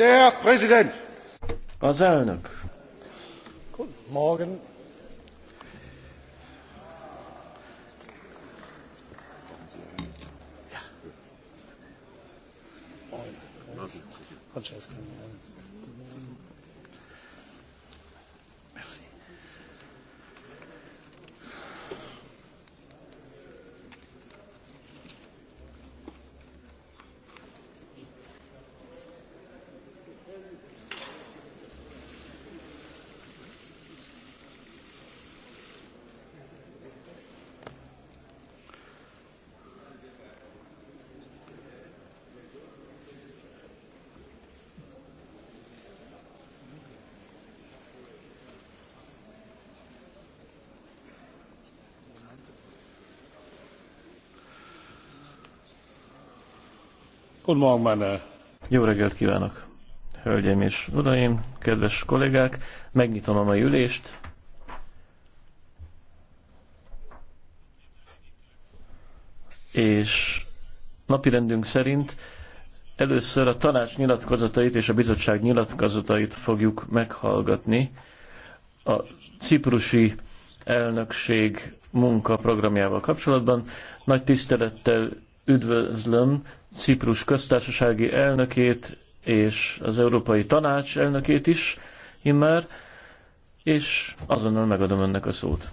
Der Präsident! Az elnök. Guten Morgen. Francesca. Guten Morgen, meine... Jó reggelt kívánok, hölgyeim és uraim, kedves kollégák! Megnyitom a mai ülést. És napirendünk szerint először a tanács nyilatkozatait és a bizottság nyilatkozatait fogjuk meghallgatni a ciprusi elnökség munkaprogramjával kapcsolatban. Nagy tisztelettel üdvözlöm Ciprus köztársasági elnökét és az Európai Tanács elnökét is immár, és azonnal megadom önnek a szót.